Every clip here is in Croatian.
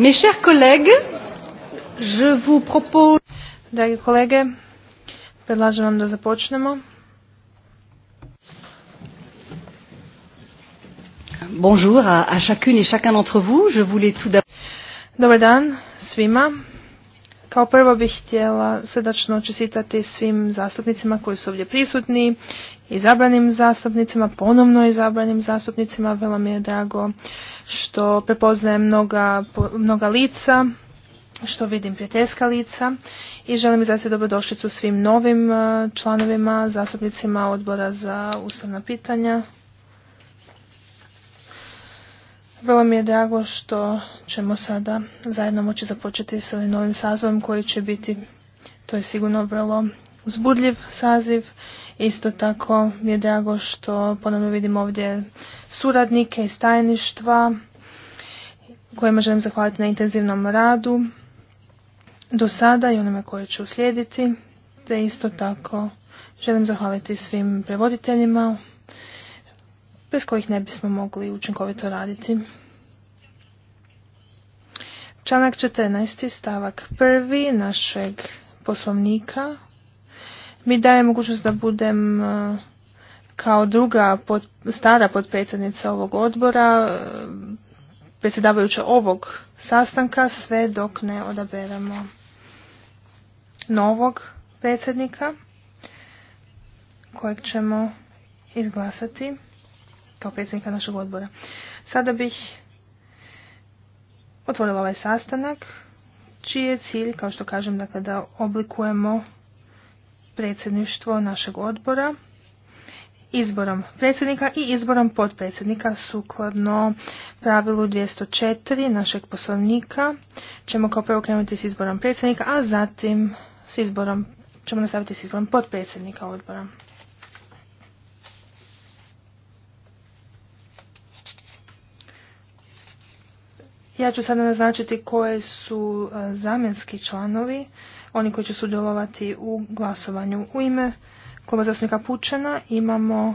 Mes chers collègues, je vous propose... Dragi kolege, predlažem vam da započnemo. Bonjour à, chacune et chacun d'entre vous. Je voulais tout d'abord... Dobar dan svima. Kao prvo bih htjela srdačno čestitati svim zastupnicima koji su ovdje prisutni, izabranim zastupnicima, ponovno izabranim zastupnicima. Vela mi je drago što prepoznajem mnoga, mnoga lica, što vidim prijateljska lica i želim izraziti dobrodošlicu svim novim eh, članovima, zastupnicima odbora za ustavna pitanja. Vrlo mi je drago što ćemo sada zajedno moći započeti s ovim novim sazivom koji će biti, to je sigurno vrlo uzbudljiv saziv. Isto tako mi je drago što ponovno vidim ovdje suradnike iz tajništva kojima želim zahvaliti na intenzivnom radu do sada i onome koje će uslijediti. Te isto tako želim zahvaliti svim prevoditeljima bez kojih ne bismo mogli učinkovito raditi. Članak 14. stavak 1. našeg poslovnika mi daje mogućnost da budem e, kao druga stara potpredsjednica ovog odbora, e, predsjedavajuća ovog sastanka, sve dok ne odaberemo novog predsjednika kojeg ćemo izglasati kao predsjednika našeg odbora. Sada bih otvorila ovaj sastanak, čiji je cilj, kao što kažem, dakle, da oblikujemo predsjedništvo našeg odbora izborom predsjednika i izborom potpredsjednika sukladno pravilu 204 našeg poslovnika. Ćemo kao prvo krenuti s izborom predsjednika, a zatim s izborom, ćemo nastaviti s izborom potpredsjednika odbora. Ja ću sada naznačiti koje su e, zamjenski članovi, oni koji će sudjelovati u glasovanju. U ime Kluba zastupnika Pučena imamo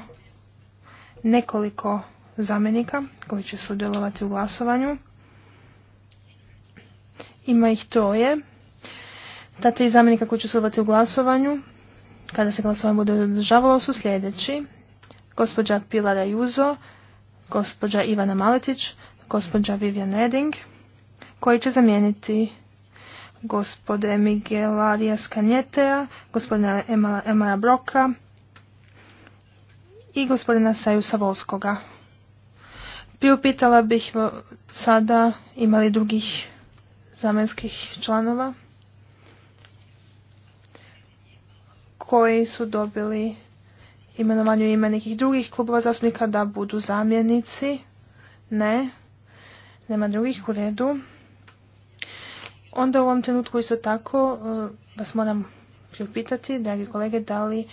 nekoliko zamjenika koji će sudjelovati u glasovanju. Ima ih troje. Ta tri zamjenika koji će sudjelovati u glasovanju, kada se glasovanje bude održavalo, su sljedeći. Gospođa Pilara Juzo, gospođa Ivana Maletić, gospođa Vivian Redding, koji će zamijeniti gospode Miguel Arias gospodina Emara Broka i gospodina Sajusa Volskoga. Priupitala bih sada imali drugih zamenskih članova koji su dobili imenovanju ime nekih drugih klubova zastupnika da budu zamjenici. Ne nema drugih u redu. Onda u ovom trenutku isto tako e, vas moram priupitati, dragi kolege, da li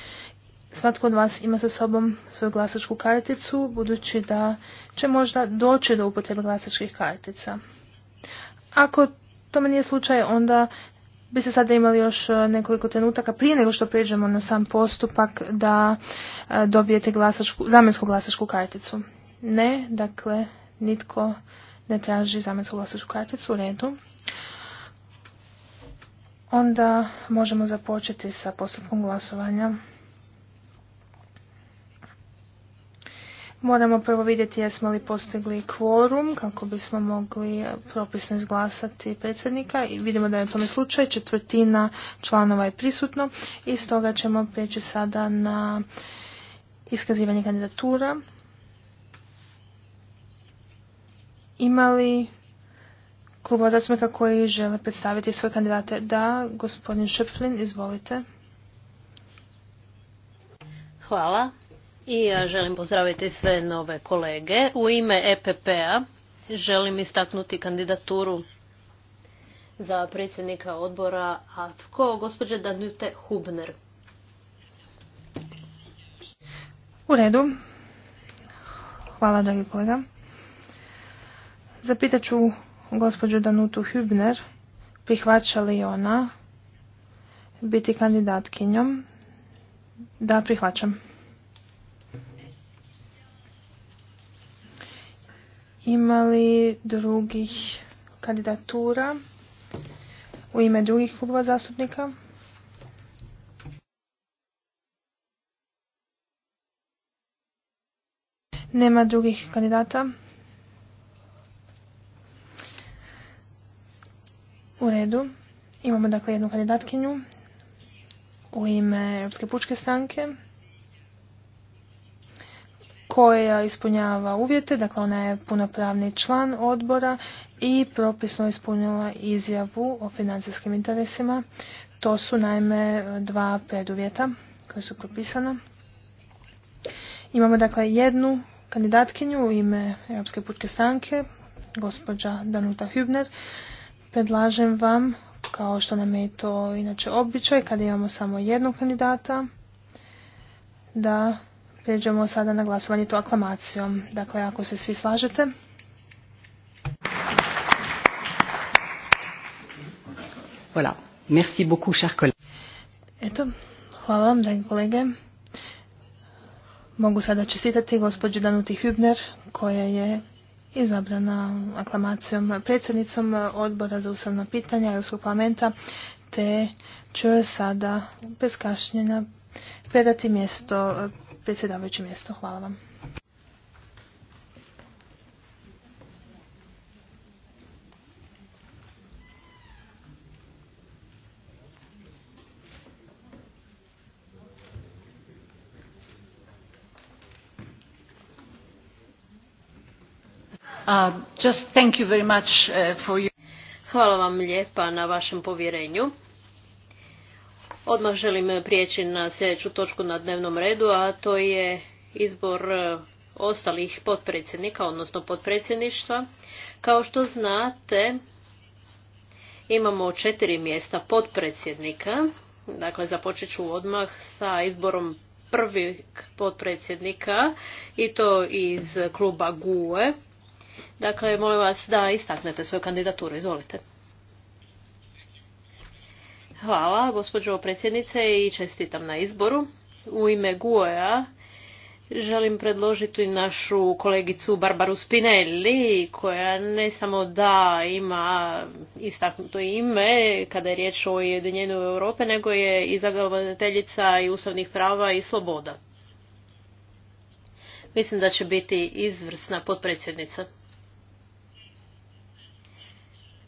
svatko od vas ima sa sobom svoju glasačku karticu, budući da će možda doći do upotrebe glasačkih kartica. Ako tome nije slučaj, onda biste sada imali još e, nekoliko trenutaka prije nego što prijeđemo na sam postupak da e, dobijete glasačku, zamjensku glasačku karticu. Ne, dakle, nitko ne traži zamjensku glasačku karticu u redu. Onda možemo započeti sa postupkom glasovanja. Moramo prvo vidjeti jesmo li postigli kvorum kako bismo mogli propisno izglasati predsjednika i vidimo da je u tome slučaj, četvrtina članova je prisutno i stoga ćemo prijeći sada na iskazivanje kandidatura Imali kluba zastupnika koji žele predstaviti svoje kandidate? Da, gospodin Šepflin, izvolite. Hvala i ja želim pozdraviti sve nove kolege. U ime EPP-a želim istaknuti kandidaturu za predsjednika odbora AFKO, gospođe Danute Hubner. U redu. Hvala, dragi kolega. Zapitat ću gospođu Danutu Hübner prihvaća li ona biti kandidatkinjom. Da, prihvaćam. Ima li drugih kandidatura u ime drugih klubova zastupnika? Nema drugih kandidata. U redu. Imamo dakle jednu kandidatkinju u ime Europske pučke stranke koja ispunjava uvjete, dakle ona je punopravni član odbora i propisno ispunjala izjavu o financijskim interesima. To su naime dva preduvjeta koje su propisana. Imamo dakle jednu kandidatkinju u ime Europske pučke stranke, gospođa Danuta Hübner, Predlažem vam, kao što nam je to inače običaj, kada imamo samo jednog kandidata, da pređemo sada na glasovanje to aklamacijom. Dakle, ako se svi slažete. Voilà. Merci beaucoup, Eto, hvala vam, dragi kolege. Mogu sada čestitati gospođu Danuti Hübner, koja je izabrana aklamacijom predsjednicom odbora za ustavna pitanja Europskog parlamenta, te ću sada bez kašnjenja predati mjesto, predsjedavajući mjesto. Hvala vam. Just thank uh, Hvala vam lijepa na vašem povjerenju. Odmah želim prijeći na sljedeću točku na dnevnom redu, a to je izbor uh, ostalih potpredsjednika, odnosno potpredsjedništva. Kao što znate, imamo četiri mjesta potpredsjednika. Dakle, započet ću odmah sa izborom prvih potpredsjednika i to iz kluba GUE. Dakle, molim vas da istaknete svoju kandidaturu. Izvolite. Hvala, gospođo predsjednice, i čestitam na izboru. U ime gue želim predložiti našu kolegicu Barbaru Spinelli, koja ne samo da ima istaknuto ime kada je riječ o ujedinjenju Europe, nego je i zagovoriteljica i ustavnih prava i sloboda. Mislim da će biti izvrsna potpredsjednica.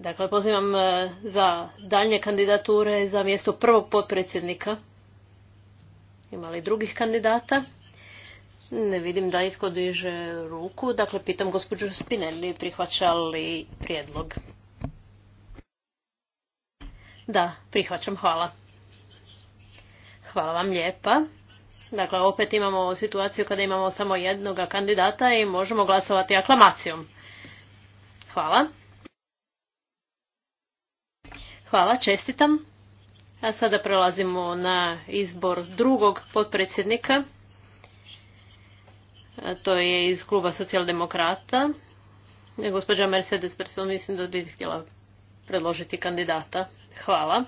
Dakle, pozivam e, za dalje kandidature za mjesto prvog potpredsjednika. Ima li drugih kandidata? Ne vidim da iskodiže ruku. Dakle, pitam gospođu Spinelli prihvaća li prijedlog. Da, prihvaćam, hvala. Hvala vam lijepa. Dakle, opet imamo situaciju kada imamo samo jednoga kandidata i možemo glasovati aklamacijom. Hvala. Hvala, čestitam. A sada prelazimo na izbor drugog potpredsjednika. To je iz kluba socijaldemokrata. Gospođa Mercedes Person mislim da bi htjela predložiti kandidata. Hvala.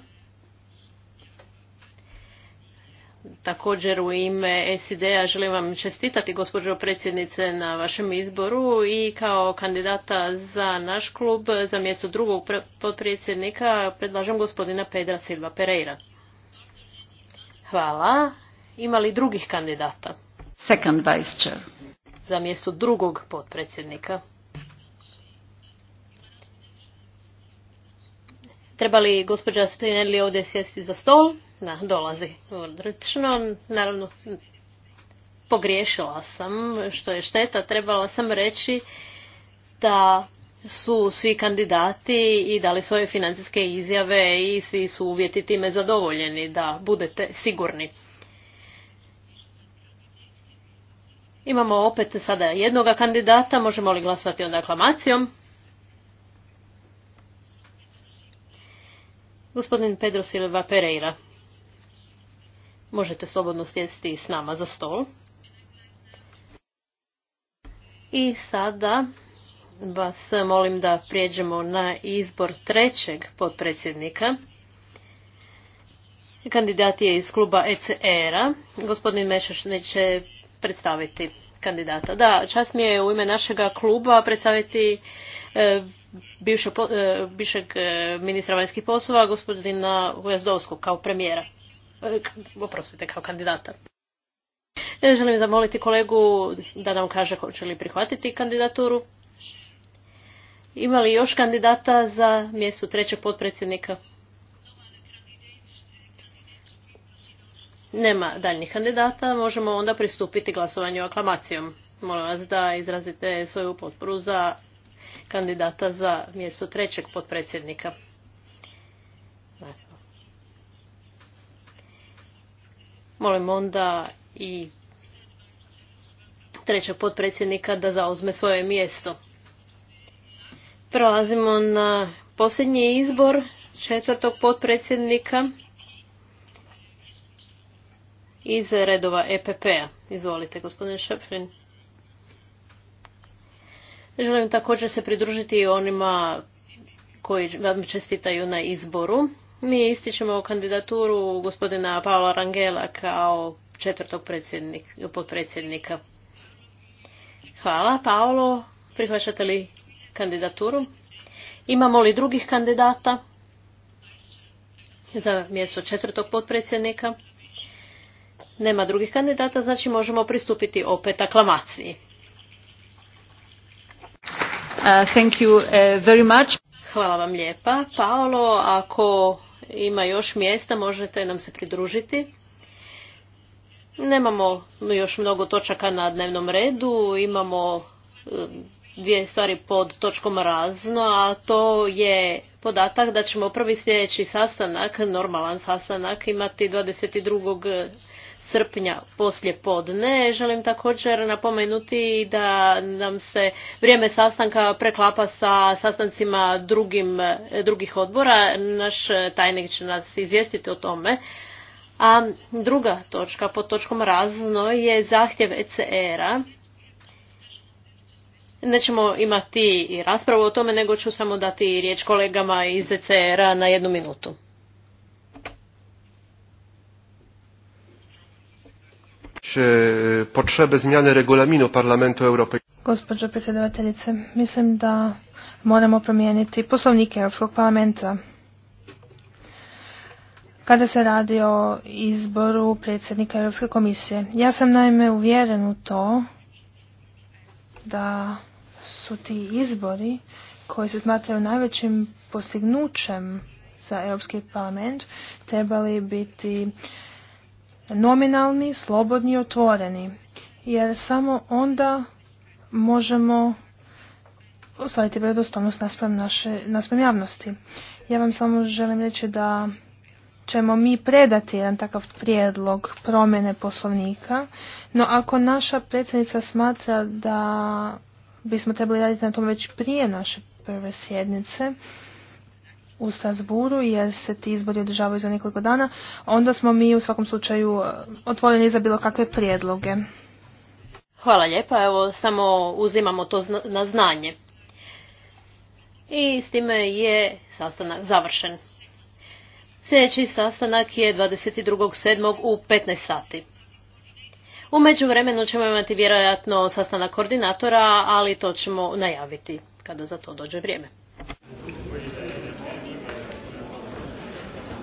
Također u ime SID-a želim vam čestitati gospođo predsjednice na vašem izboru i kao kandidata za naš klub za mjesto drugog potpredsjednika predlažem gospodina Pedra Silva Pereira. Hvala. Ima li drugih kandidata? Second vice chair. Za mjesto drugog potpredsjednika. Treba li gospođa Stinelli ovdje sjesti za stol? na, dolazi Naravno, pogriješila sam, što je šteta. Trebala sam reći da su svi kandidati i dali svoje financijske izjave i svi su uvjeti time zadovoljeni, da budete sigurni. Imamo opet sada jednoga kandidata, možemo li glasovati onda aklamacijom? Gospodin Pedro Silva Pereira. Možete slobodno sjediti s nama za stol. I sada vas molim da prijeđemo na izbor trećeg potpredsjednika. Kandidat je iz kluba ECR-a. Gospodin Mešaš neće predstaviti kandidata. Da, čast mi je u ime našega kluba predstaviti e, e, bivšeg, bivšeg ministra vanjskih poslova, gospodina Ujazdovskog, kao premijera. Eh, oprostite, kao kandidata. Eh, želim zamoliti kolegu da nam kaže hoće li prihvatiti kandidaturu. Ima li još kandidata za mjesto trećeg potpredsjednika? Nema daljnjih kandidata, možemo onda pristupiti glasovanju aklamacijom. Molim vas da izrazite svoju potporu za kandidata za mjesto trećeg potpredsjednika. Molim onda i trećeg potpredsjednika da zauzme svoje mjesto. Prelazimo na posljednji izbor četvrtog potpredsjednika iz redova EPP-a. Izvolite, gospodine Šefrin. Želim također se pridružiti onima koji vam čestitaju na izboru. Mi ističemo kandidaturu gospodina Paola Rangela kao četvrtog potpredsjednika. Hvala. Paolo, prihvaćate li kandidaturu? Imamo li drugih kandidata za mjesto četvrtog potpredsjednika? Nema drugih kandidata, znači možemo pristupiti opet aklamaciji. Uh, uh, Hvala vam lijepa. Paolo, ako ima još mjesta, možete nam se pridružiti. Nemamo još mnogo točaka na dnevnom redu, imamo eh, dvije stvari pod točkom razno, a to je podatak da ćemo prvi sljedeći sastanak, normalan sastanak, imati 22 srpnja poslje podne. Želim također napomenuti da nam se vrijeme sastanka preklapa sa sastancima drugim, drugih odbora. Naš tajnik će nas izvijestiti o tome. A druga točka pod točkom razno je zahtjev ECR-a. Nećemo imati i raspravu o tome, nego ću samo dati riječ kolegama iz ECR-a na jednu minutu. E, potrebe zmiany regulaminu Parlamentu Europejskiego. Gospođo predsjedavateljice, mislim da moramo promijeniti poslovnik Europskog parlamenta. Kada se radi o izboru predsjednika Europske komisije. Ja sam naime uvjeren u to da su ti izbori koji se smatraju najvećim postignućem za Europski parlament trebali biti nominalni, slobodni i otvoreni. Jer samo onda možemo ostvariti vjerodostojnost naspram, javnosti. Ja vam samo želim reći da ćemo mi predati jedan takav prijedlog promjene poslovnika, no ako naša predsjednica smatra da bismo trebali raditi na tom već prije naše prve sjednice, u Strasburu jer se ti izbori održavaju za nekoliko dana, onda smo mi u svakom slučaju e, otvoreni za bilo kakve prijedloge. Hvala lijepa, evo samo uzimamo to na znanje. I s time je sastanak završen. Sljedeći sastanak je 22.7. u 15 sati. U međuvremenu ćemo imati vjerojatno sastanak koordinatora, ali to ćemo najaviti kada za to dođe vrijeme.